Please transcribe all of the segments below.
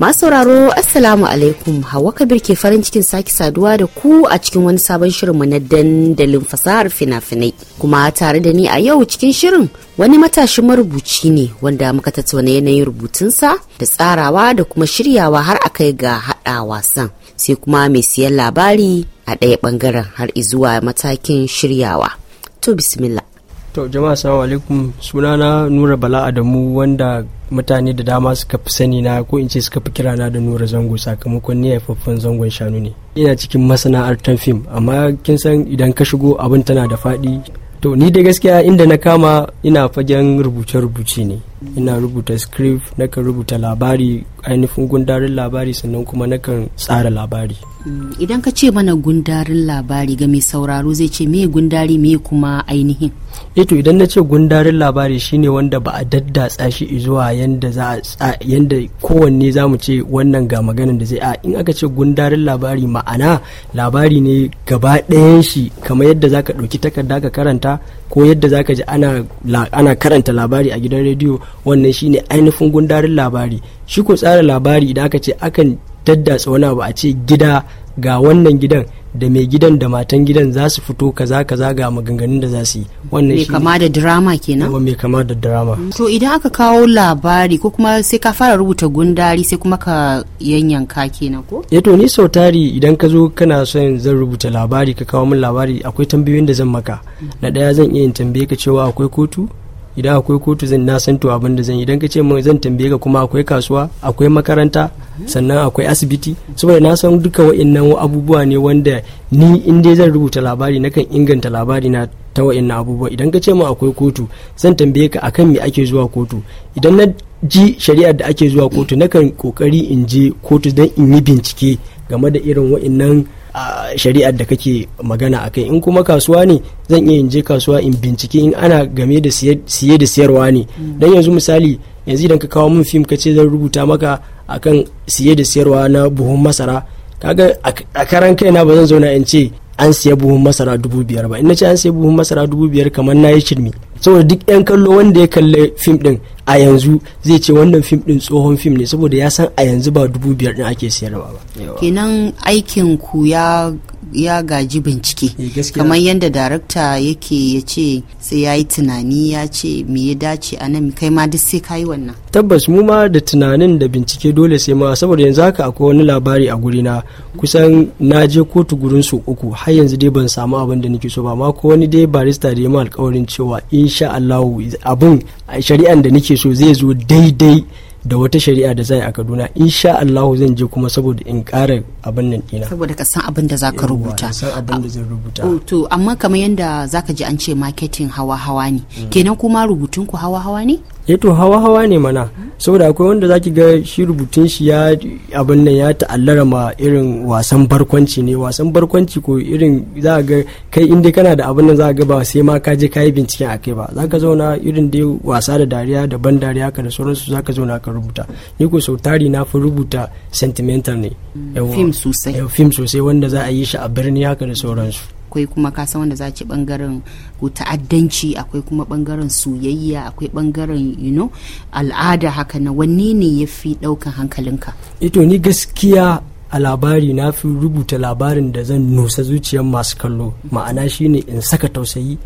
Masu sauraro Assalamu alaikum Hawa Kabir ke farin cikin sake saduwa da ku a cikin wani sabon shirin mu na dandalin fasahar fina-finai. Kuma tare da ni a yau cikin shirin wani matashin marubuci ne wanda muka tattauna yanayin rubutunsa da tsarawa da kuma shiryawa har a akai ga haɗa wasan. Sai kuma mai siyan labari a ɗaya ɓangaren har izuwa matakin shiryawa. To bismillah. to jama'a assalamu alaikum sunana nura bala adamu wanda mutane da dama suka fi sani na ko in ce suka fi kirana da nura zango sakamakon ni haifaffen zangon shanu ne ina cikin masana'artar fim amma kin san idan ka shigo abin tana da faɗi to ni da gaskiya inda na kama ina fagen rubuce-rubuce ne ina rubuta script na rubuta labari ainihin gundarin labari sannan kuma na kan tsara labari mm, idan ka ce mana gundarin labari ga mai sauraro zai ce me gundari me kuma ainihin eto eh idan na ce gundarin labari shine wanda ba a daddatsa shi zuwa yanda za a kowanne za mu ce wannan ga maganin da zai a in aka ce gundarin labari ma'ana labari ne gaba ɗayan shi kamar yadda za ka ɗauki takarda ka karanta ko yadda za ka ji ana karanta labari a gidan rediyo wannan shine ainihin gundarin labari shi ko tsara labari da aka ce akan daddatsa wani abu a ce gida ga wannan gidan da mai gidan da matan gidan za su fito kaza kaza ga maganganun da za su yi wannan shi kama da drama kenan kuma mai kama da drama mm. to idan aka kawo labari ko kuma sai ka fara rubuta gundari sai kuma ka yanyanka kenan ko eh to ni sau tari idan ka zo kana son zan rubuta labari ka kawo min labari akwai tambayoyin da zan maka mm. na daya zan iya tambaye ka cewa akwai kotu idan akwai kotu zan na san to abin da zan idan ka ce zan tambaye ka kuma akwai kasuwa akwai makaranta sannan akwai asibiti saboda na san duka wa'annan abubuwa ne wanda ni in dai zan rubuta labari nakan inganta labari na ta wa'annan abubuwa idan ka ce min akwai kotu zan tambaye ka akan me ake zuwa kotu idan na ji shari'ar da ake zuwa kotu nakan kokari in je kotu don in yi bincike game da irin wa'annan a shari'ar da kake magana a kai in kuma kasuwa ne zan iya je kasuwa in bincike in ana game da siye da siyarwa ne don yanzu misali yanzu idan ka kawo min fim ka ce zan rubuta maka akan siye da siyarwa na buhun masara kaga a karan kaina ba zan zauna in ce an siya buhun masara dubu biyar ba in na ce an siya buhun masara dubu biyar kamar na yi shirme. saboda duk yan kallo wanda ya kalli fim din a yanzu zai ce wannan fim din tsohon fim ne saboda ya san a yanzu ba dubu biyar din ake siyarwa ba kenan aikin ku ya ya gaji bincike eh, kamar yadda darakta yake ya ce sai ya yi tunani ya ce me ya dace a nan kai ma duk sai ka yi wannan tabbas mu ma da tunanin da bincike dole sai ma saboda yanzu haka akwai wani labari a gurina kusan na je kotu gurin su uku har yanzu dai ban samu abin da nake so ba ma ko wani dai barista da ya ma alkawarin cewa insha allahu abin shari'an da nake so zai zo daidai da wata shari'a da zai a Kaduna insha Allahu zan je kuma saboda in ƙara abin nan dina saboda ka san abin da zaka rubuta san abin da zan rubuta oh, to amma kamar yanda zaka ji an ce marketing hawa hawa ne mm. kenan kuma rubutun ku hawa hawa ne eh to hawa hawa ne mana saboda akwai wanda zaki ga shi rubutun shi ya abin nan ya ta'allara ma irin wasan barkwanci ne wasan barkwanci ko irin za ga kai inda kana da abin nan za ga ba sai ma ka je ka yi binciken akai ba za ka zauna irin dai wasa da dariya da ban dariya ka da sauransu za ka zauna ka ka rubuta ni ko sau tari na fi rubuta sentimental ne mm. film sosai film sosai wanda za a yi shi a birni haka da sauransu akwai kuma kasa wanda za ci bangaren ta'addanci akwai kuma bangaren soyayya akwai bangaren you know al'ada haka na wanne ne ya fi daukan hankalinka ito ni gaskiya a labari na fi rubuta labarin da zan nusa zuciyar masu kallo ma'ana shine in saka tausayi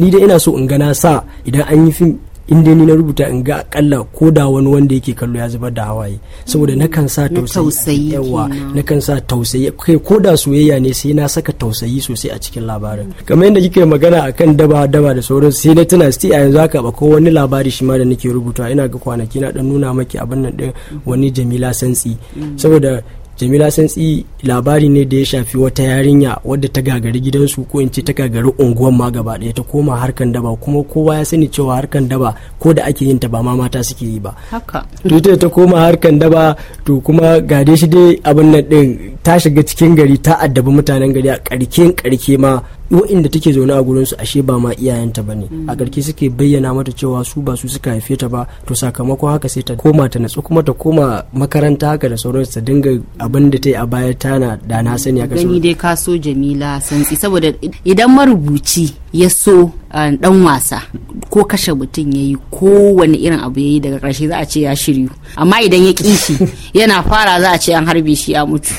ni da ina so in gana sa idan an yi fim in dai ni na rubuta in ga akalla ko da wani wanda yake kallo ya zubar da hawaye saboda hmm. na kan sa tausayi yawa na kan sa tausayi kai ko da soyayya ne sai na saka tausayi sosai a cikin labarin kamar yadda kika magana akan daba daba da sauran sai na tuna sti a yanzu haka ba ko wani labari shi ma da nake rubuta ina ga kwanaki na dan nuna maki abin nan din wani Jamila Santsi hmm. saboda jamila santsi labari ne da ya shafi wata yarinya wadda ta gagari gidansu ko in ce ta gagari unguwan ma gaba ɗaya ta koma harkan daba kuma kowa ya sani cewa harkan daba ko da ake yin ta ba ma mata suke yi ba haka ta koma harkan daba to kuma gade shi dai abin nan din ta shiga cikin gari ta addabi mutanen gari a karken karke ma inda take zaune a su ashe ba ma iyayenta ba ne a karke suke bayyana mata cewa su ba su suka haife ta ba to sakamakon haka sai ta koma ta natsu kuma ta koma makaranta haka da sauransu ta dinga abin da ta yi a baya tana da na sani haka gani dai ka so jamila santsi saboda idan marubuci ya so dan eh, wasa ko kashe mutum ya yi kowane irin abu ya yi daga ƙarshe za a ce ya shiryu amma idan ya ƙi shi yana fara za a ce an harbe shi ya mutu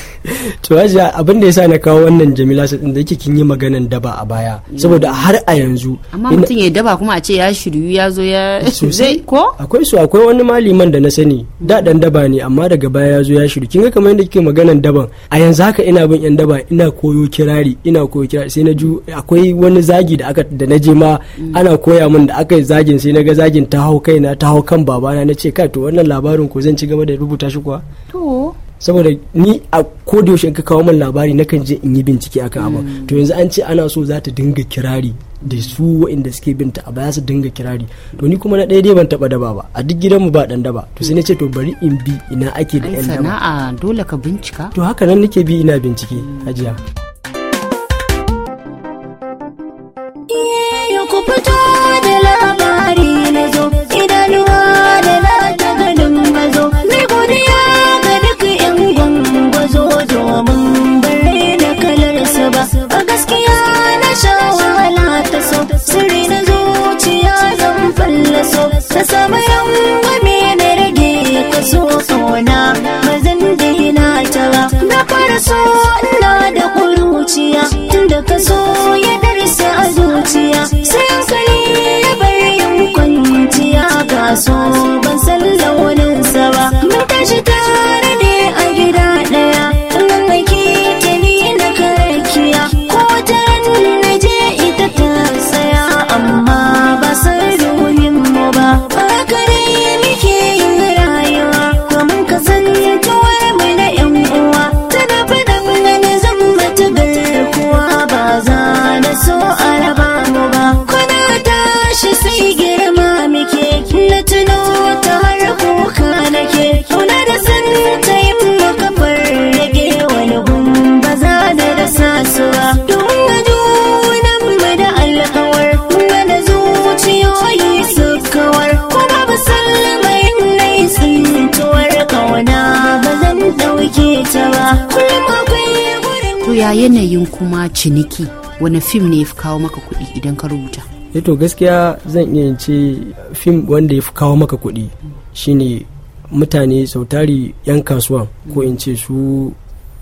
to hajiya abin da yasa na kawo wannan jamila sa da yake kin yi maganan daba a baya saboda har a yanzu amma mutum ya daba kuma a ce ya shiryu ya zo ya sosai ko akwai su akwai wani maliman da na sani da dan daba ne amma daga baya ya zo ya shiryu kin ga kamar yadda kike maganan daban a yanzu haka ina bin yan daba ina koyo kirari ina koyo kirari sai na ju akwai wani zagi da aka da na je ma ana koya min da aka yi zagin sai naga zagin ta hau kaina ta hau kan babana na ce kai to wannan labarin ko zan ci gaba da rubuta shi kuwa to saboda ni a yaushe in ka kawo min labari nakan je in yi bincike akan abu mm. to yanzu an ce ana so za ta dinga kirari da su waɗanda suke binta a baya su dinga kirari to ni kuma na ɗaya dai ban taɓa daba ba a duk gidanmu ba ɗan daba to sai na ce to bari in bi ina ake da ɗan daba sana'a dole ka bincika to haka nan nake bi ina bincike mm. hajiya yanayin kuma ciniki wani fim ne ya fi kawo maka kuɗi idan ka rubuta eh to gaskiya zan iya ce fim wanda ya fi kawo maka kuɗi shine mutane sautari 'yan kasuwa ko in ce su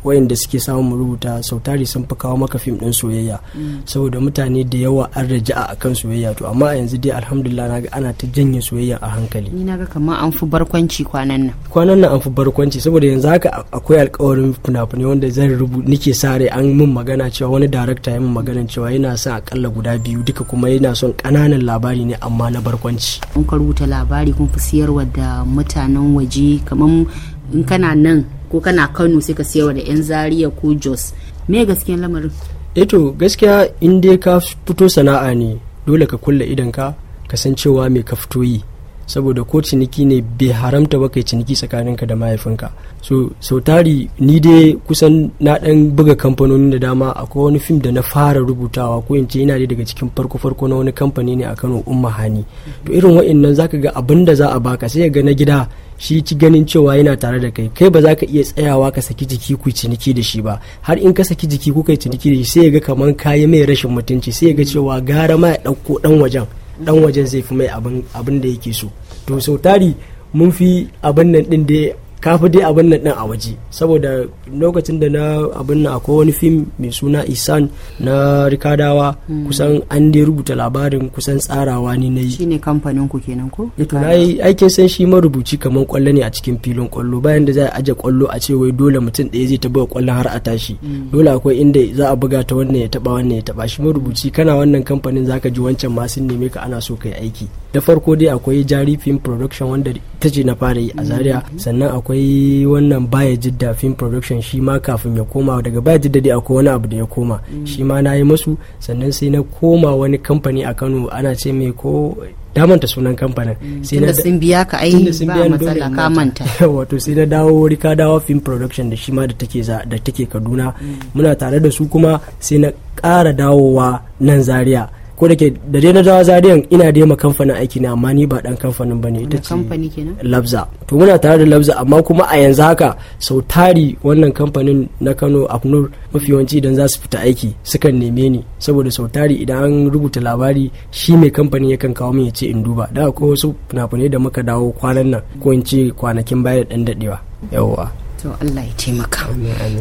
wayanda suke samun rubuta sautari sun fi kawo maka fim din soyayya saboda mutane da yawa an raja a kan soyayya to amma yanzu dai alhamdulillah naga ana ta janye soyayya a hankali ni naga kamar an fi barkwanci kwanan nan kwanan nan an fi barkwanci saboda yanzu haka akwai alƙawarin fina-finai wanda zan rubu nike sa rai an min magana cewa wani darakta ya min magana cewa yana son akalla guda biyu duka kuma yana son ƙananan labari ne amma na barkwanci kun ka rubuta labari kun fi siyarwa da mutanen waje kamar in kana nan ko kana kano sai ka siyarwa da yan zaria ko jos me gaskiyan lamarin eto eh gaskiya in dai ka fito sana'a ne dole ka kulle idan ka kasancewa mai ka fito yi saboda ko ciniki ne bai haramta ba kai ciniki tsakaninka da mahaifinka so sau tari ni dai kusan na dan buga kamfanoni da dama akwai wani fim da na fara rubutawa ko in ce yana dai daga cikin farko farko na wani kamfani ne a Kano Umma Hani to irin wa'annan zaka ga abin da za a baka sai ga na gida shi ci ganin cewa yana tare da kai kai ba za ka iya tsayawa ka saki jiki ku ciniki da shi ba har in ka saki jiki ku kai ciniki da shi sai ya ga kamar kayi mai rashin mutunci sai ya ga cewa gara ma ya ɗauko ɗan wajen dan wajen zai fi mai abin da yake so to sau tari mun fi abin nan din da kafi dai abin nan din a waje saboda lokacin da na abin nan akwai wani fim mai suna isan na rikadawa hmm. kusan an dai rubuta labarin kusan tsarawa ni na yi shine kamfanin ku kenan ko eh to na yi aikin san shi marubuci kamar kwallo ne a cikin filin kwallo bayan da za a aje kwallo a ce wai dole mutum ɗaya zai ta buga kwallon har a tashi hmm. dole akwai inda za a buga ta wannan ya taba wannan ya taba shi marubuci kana wannan kamfanin zaka ji wancan ma sun neme ka ana so kai aiki da farko dai akwai jari film production wanda ta ce na fara yi a zaria sannan akwai wannan baya jidda film production shi ma kafin ya koma daga baya jidda dai akwai wani abu da ya koma mm. shi ma na yi masu sannan sai na koma wani kamfani a kano ana ce mai ko damanta sunan kamfanin mm. sai na sun biya ka ai ba matsala ka manta wato sai na dawo wuri ka dawo film production da shi ma da take da take Kaduna mm. muna tare da su kuma sai na ƙara dawowa nan Zaria ko da ke da dai na dawa zariyan ina dai ma kamfanin aiki na amma ni ba dan kamfanin ba ne ita ce labza to muna tare da labza amma kuma a yanzu haka sau tari wannan kamfanin na kano afnur mafi yawanci idan za su fita aiki sukan neme ni saboda sau tari idan an rubuta labari shi mai kamfanin yakan kawo min ya ce in duba da ko wasu fina-finai da muka dawo kwanan nan ko in ce kwanakin baya da dan daɗewa yawwa to Allah ya taimaka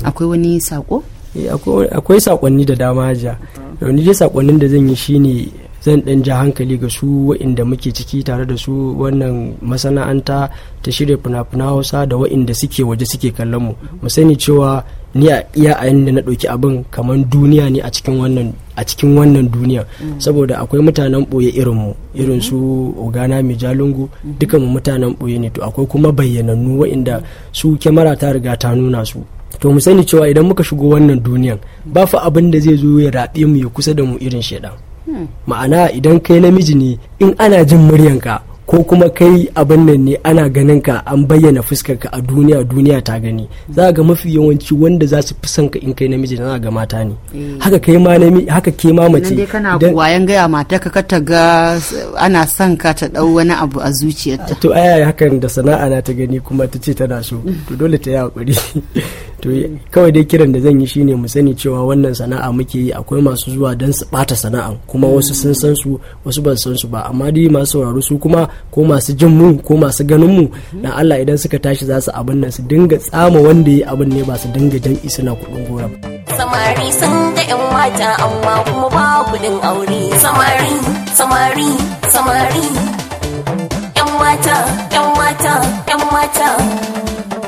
akwai wani sako Eh, akwai sakonni da dama ja wani dai sakonnin da zan yi shine zan dan ja hankali ga su wa'inda muke ciki tare da su wannan masana'anta ta shirya fina-fina hausa da wa'inda suke waje suke kallon mu mu sani cewa ni a iya a yanda na ɗauki abin kamar duniya ne a cikin wannan a cikin wannan duniya mm. saboda akwai mutanen ɓoye irin mu irin su ogana mai jalungu mm. dukan mu mutanen ɓoye ne to akwai kuma bayyanannu wa'inda su kyamara ta riga ta nuna su to mu sani cewa idan muka shigo wannan duniyan ba fa abin da zai zo ya raɓe mu ya kusa da mu irin shaidan hmm. ma'ana idan kai namiji ne in ana jin muryanka ko kuma kai abin nan ne ana ganin ka an bayyana fuskarka a duniya duniya ta gani za ga mafi yawanci wanda za su fi son ka in kai namiji na ga mata ne eh. haka kai ma nami haka ke ma mace dan kana wayan gaya mata ka ka ga ana son ka ta dau wani abu a zuciyarta to aya hakan da sana'a na ta gani kuma ta ce tana so hmm. to dole ta yi hakuri to kawai dai kiran da zan yi shine mu sani cewa wannan sana'a muke yi akwai masu zuwa don su bata sana'a kuma wasu sun san su wasu ban san su ba amma dai masu sauraro su kuma ko masu jin mu ko masu ganin mu na Allah idan suka tashi za su abin nan su dinga tsama wanda yi abin ne ba su dinga jan isina kuɗin gora ba samari sun ga yan mata amma kuma ba kuɗin aure samari samari samari yan mata yan mata yan mata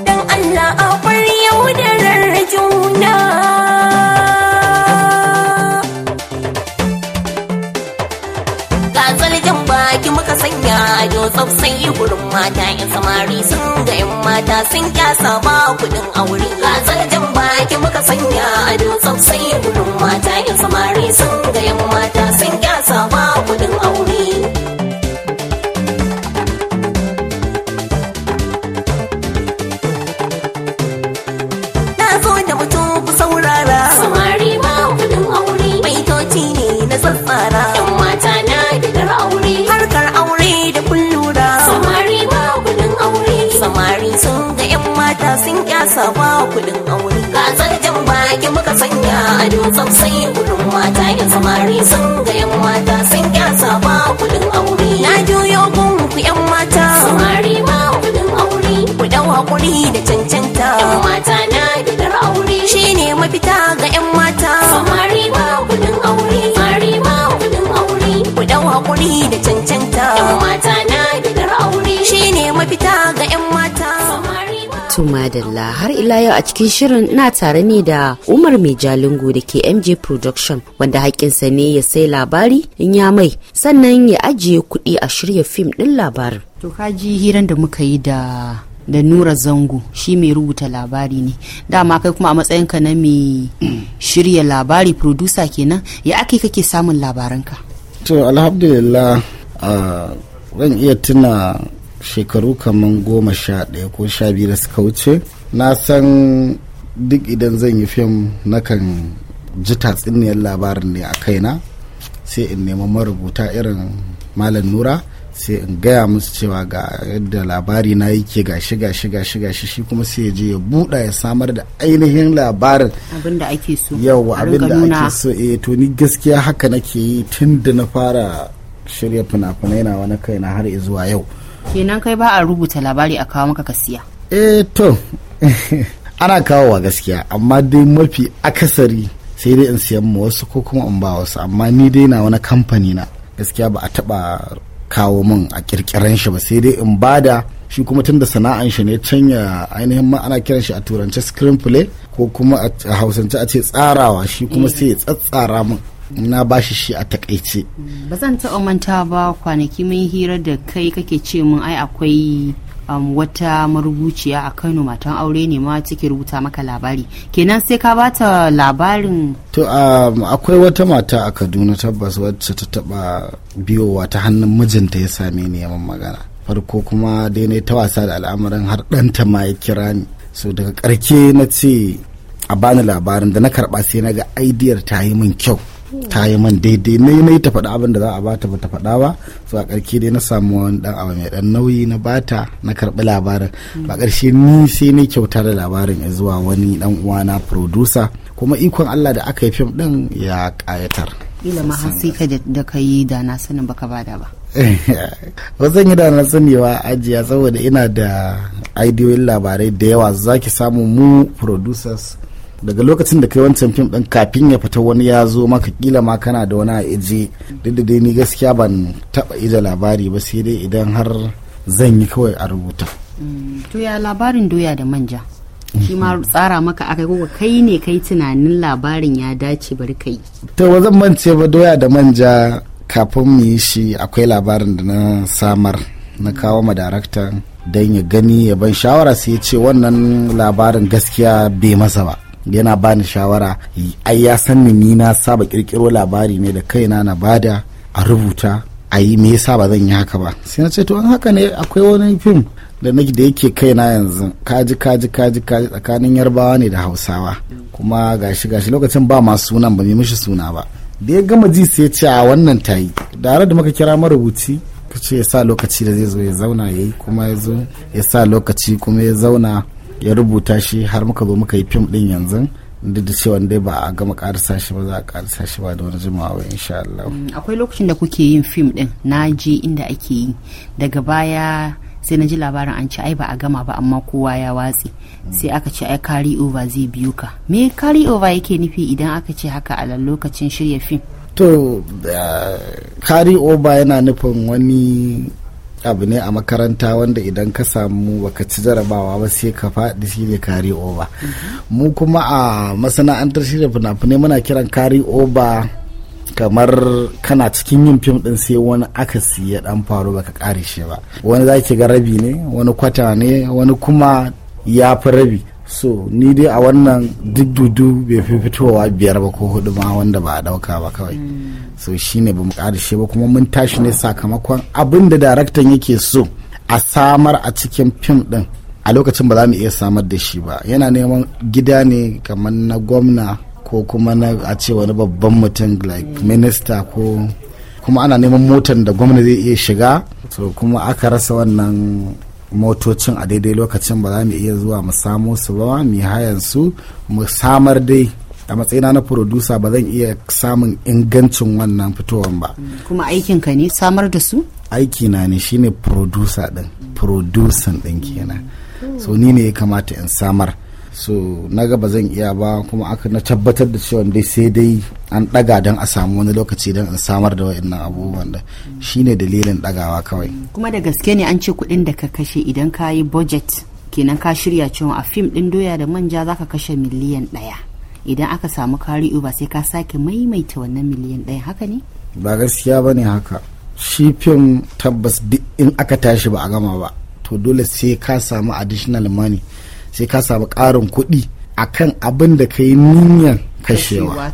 dan Allah akwai yaudarar juna gatsar jan baki muka sanya ado tsafsai gurin mata yan samari sun ga yan mata sun kyasa ba kudin aure gatsar jan baki muka sanya ado tsafsai gurin mata yan samari kasa ba kuɗin aure gasar jan baki muka sanya a dutsen sai kuɗin mata yan samari sun ga yan mata sun kyasa ba kuɗin aure na juyo gun ku yan mata samari ba kuɗin aure ku dau hakuri da cancanta yan mata na bidar aure shine mafita ga yan mata samari ba kuɗin aure samari ba kuɗin aure ku dau hakuri da cancanta yan mata na bidar aure shine mafita ga yan mata To madalla har ila yau a cikin shirin na tare ne da Umar Mai Jalingo da ke MJ Production wanda haƙƙinsa ne ya sai labari in ya mai sannan ya ajiye kuɗi a shirya fim ɗin labarin. To ka ji hiran da muka yi da da Nura Zango shi mai rubuta labari ne dama kai kuma a matsayinka na mai shirya labari producer kenan ya ake kake samun labaranka. To alhamdulillah ah, zan iya tuna shekaru kamar goma sha ɗaya ko sha biyu da suka wuce na san duk idan zan yi fim na kan ji tatsiniyar labarin ne a kaina sai in nema marubuta irin malam nura sai in gaya musu cewa ga yadda labari na yake gashi gashi gashi gashi shi kuma sai je ya buɗa ya samar da ainihin labarin abinda ake so yawa abinda ake so eh to ni gaskiya haka nake yi tun da na fara shirya fina-finai na wani kaina har zuwa yau kenan kai ba a rubuta labari a kawo maka ka siya eh to ana kawowa gaskiya amma dai mafi akasari sai dai in siyan ma wasu ko kuma in ba wasu amma ni dai na wani kamfani na gaskiya ba a taba kawo min a kirkiran shi ba sai dai in ba da shi kuma tunda sana'an shi ne canya ainihin ma ana kiran shi a turance screenplay ko kuma a hausance a ce tsarawa shi kuma sai ya tsatsara min na bashi shi a takaice ba zan taɓa manta ba kwanaki mun hira da kai kake ce mun ai akwai um, wata marubuciya a kano matan aure ne ma take rubuta maka labari kenan sai ka bata labarin to um, akwai wata mata a kaduna tabbas wacce ta taba biyowa ta hannun mijinta ya same ni yaman magana farko kuma daina ta wasa da al'amarin har ɗanta ma ya kira ni so daga karke na ce a bani labarin da na karɓa sai na ga aidiyar ta yi min kyau ta yi man daidai na yi ta faɗa abin da za a bata bata faɗa ba so a ƙarshe dai na samu wani ɗan abu mai ɗan nauyi na bata na karɓi labarin mm. a ƙarshe ni sai ni kyauta da labarin ya zuwa wani ɗan uwana producer kuma ikon Allah da aka yi fim ɗin ya ƙayatar. Ila ma hasika da ka yi da na sanin baka bada ba. ba zan yi da na sani ba ajiya saboda ina da aidiyoyin labarai da yawa zaki samu mu producers daga lokacin da kai wancan fim din kafin ya fita wani ya zo maka kila ma kana da wani aje duk da dai ni gaskiya ban taba ida labari ba sai dai idan har zan yi kawai a rubuta mm, to ya labarin doya da manja shi ma tsara maka aka ko kai ne kai tunanin labarin ya dace bari kai to ba zan mance ba doya da manja kafin mu yi shi akwai labarin da na samar na kawo ma daraktan don ya gani ya ban shawara sai ya ce wannan labarin gaskiya bai masa ba yana bani shawara ai ya san ni ni na saba kirkiro labari ne da kaina na bada a rubuta a yi me yasa ba zan yi haka ba sai na ce to an haka ne akwai wani fim da na da yake kaina yanzu kaji kaji kaji kaji tsakanin yarbawa ne da hausawa kuma gashi gashi lokacin ba ma sunan ba mai mishi suna ba da ya gama ji sai ce a wannan ta yi da da muka kira marubuci ka ce ya sa lokaci da zai zo ya zauna ya yi kuma ya zo ya sa lokaci kuma ya zauna ya rubuta shi har muka zo muka yi fim din yanzu duk da cewa dai ba a gama karisa shi ba za a karisa shi ba da wani jimawa ba insha Allah. Mm, akwai lokacin da kuke yin fim din na je inda ake yi daga baya sai na ji labarin an ce ai ba a gama ba amma kowa ya watse sai aka ce ai carry over zai biyu ka me carry over yake nufi idan aka ce haka a lokacin shirya fim to eh, carry over yana nufin wani abu ne a makaranta wanda idan ka samu baka ci jarabawa ba sai ka faɗi shi ne kari oba mu kuma a masana'antar shirya fina-finai muna kiran kari oba kamar kana cikin yin fim din sai wani aka siya dan faru baka kare shi ba wani za ki ga rabi ne wani kwata ne wani kuma ya fi rabi so ni dai a wannan duk dudu bai fi fitowa biyar ba ko hudu ma wanda ba a dauka ba kawai so shine ba mu karshe ba kuma mun tashi ne sakamakon abin da daraktan yake so a samar a cikin fim din a lokacin ba za mu iya samar da shi ba yana neman gida ne kamar na gwamna ko kuma na a ce wani babban mutum like minister ko kuma ana neman motar da gwamna zai iya shiga so kuma aka rasa wannan motocin a daidai lokacin ba za mu iya zuwa mu samo su ba mu hayan su mu samar dai a matsayina na producer ba zan iya samun ingancin wannan fitowan ba kuma aikin ka ne samar da su aiki na ne shine producer din producing din kenan so ni ne ya kamata in samar so na gaba zan iya ba kuma aka na tabbatar da cewa dai sai dai an daga don a samu wani lokaci don in samar da wa'annan abubuwan da shine dalilin dagawa kawai kuma da gaske ne an ce kuɗin da ka kashe idan ka yi budget kenan ka shirya cewa a fim ɗin doya da manja zaka kashe miliyan ɗaya idan aka samu kari ba sai ka sake maimaita wannan miliyan ɗaya haka ne? ba gaskiya ba ne haka shi fim tabbas in aka tashi ba a gama ba to dole sai ka samu additional money sai ka samu ƙarin kuɗi a kan abin da ka yi niyyar kashewa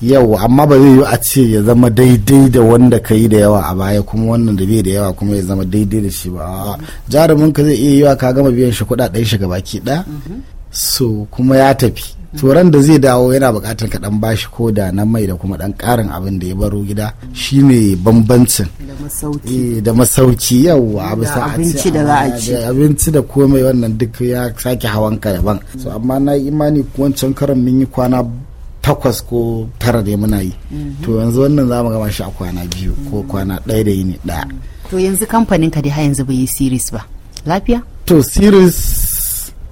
yau amma ba zai yi a ce ya zama daidai da wanda ka yi da yawa a baya kuma wannan da bai da yawa kuma ya zama daidai da shi ba jaruminka zai iya yiwa ka gama biyan shi kuɗaɗen shi baki ɗaya mhm. so kuma ya tafi tsoron da zai dawo yana buƙatar ka dan bashi ko da na mai da kuma dan ƙarin abin da ya baro gida shine bambancin da masauki eh, yawa bisa abinci da za a ci abinci da komai wannan duk ya sake hawan ka daban so amma na yi imani wancan karan mun yi kwana takwas ko tara da muna yi mhm. to yanzu wannan za mu gama shi a kwana biyu ko mhm. kwana ɗaya da yini ɗaya to yanzu kamfanin ka dai har yanzu bai yi series ba lafiya to series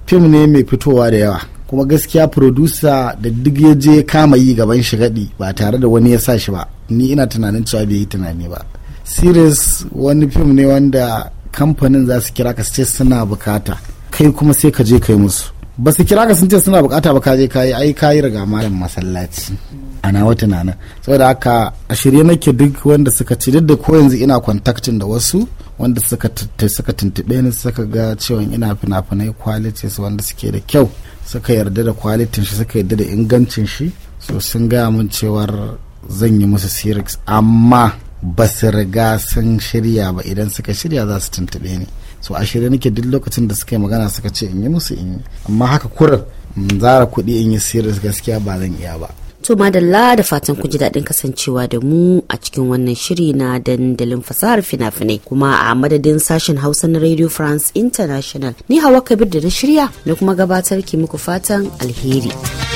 fim ne mai fitowa da yawa kuma gaskiya producer da duk ya je kama yi gaban shi gadi ba tare da wani ya sa shi ba ni ina tunanin cewa bai yi tunani ba series wani film ne wanda kamfanin za su kira ka ce suna bukata kai kuma sai ka je yi musu ba su kira ka sun ce suna bukata ba ka je kayi ai yi riga malam masallaci ana wata nana saboda haka a shirye nake duk wanda suka ci duk da ko yanzu ina contactin da wasu wanda suka suka tuntube ni suka ga cewa ina fina-finai qualities wanda suke da kyau suka yarda da kwalitin shi suka yarda da ingancin shi so sun gaya mun cewar zan yi musu sirix amma ba su riga sun shirya ba idan suka shirya za su tuntube ni so a shirya nake duk lokacin da suka yi magana suka ce in yi musu in yi amma haka kurin zara kuɗi in yi sirix gaskiya ba zan iya ba To madalla da fatan ku ji daɗin kasancewa da mu a cikin wannan shiri na dandalin fasahar fina-finai kuma a madadin sashen Hausa na Radio France International ni Hawa Kabir da na shirya na kuma gabatar ki muku fatan alheri.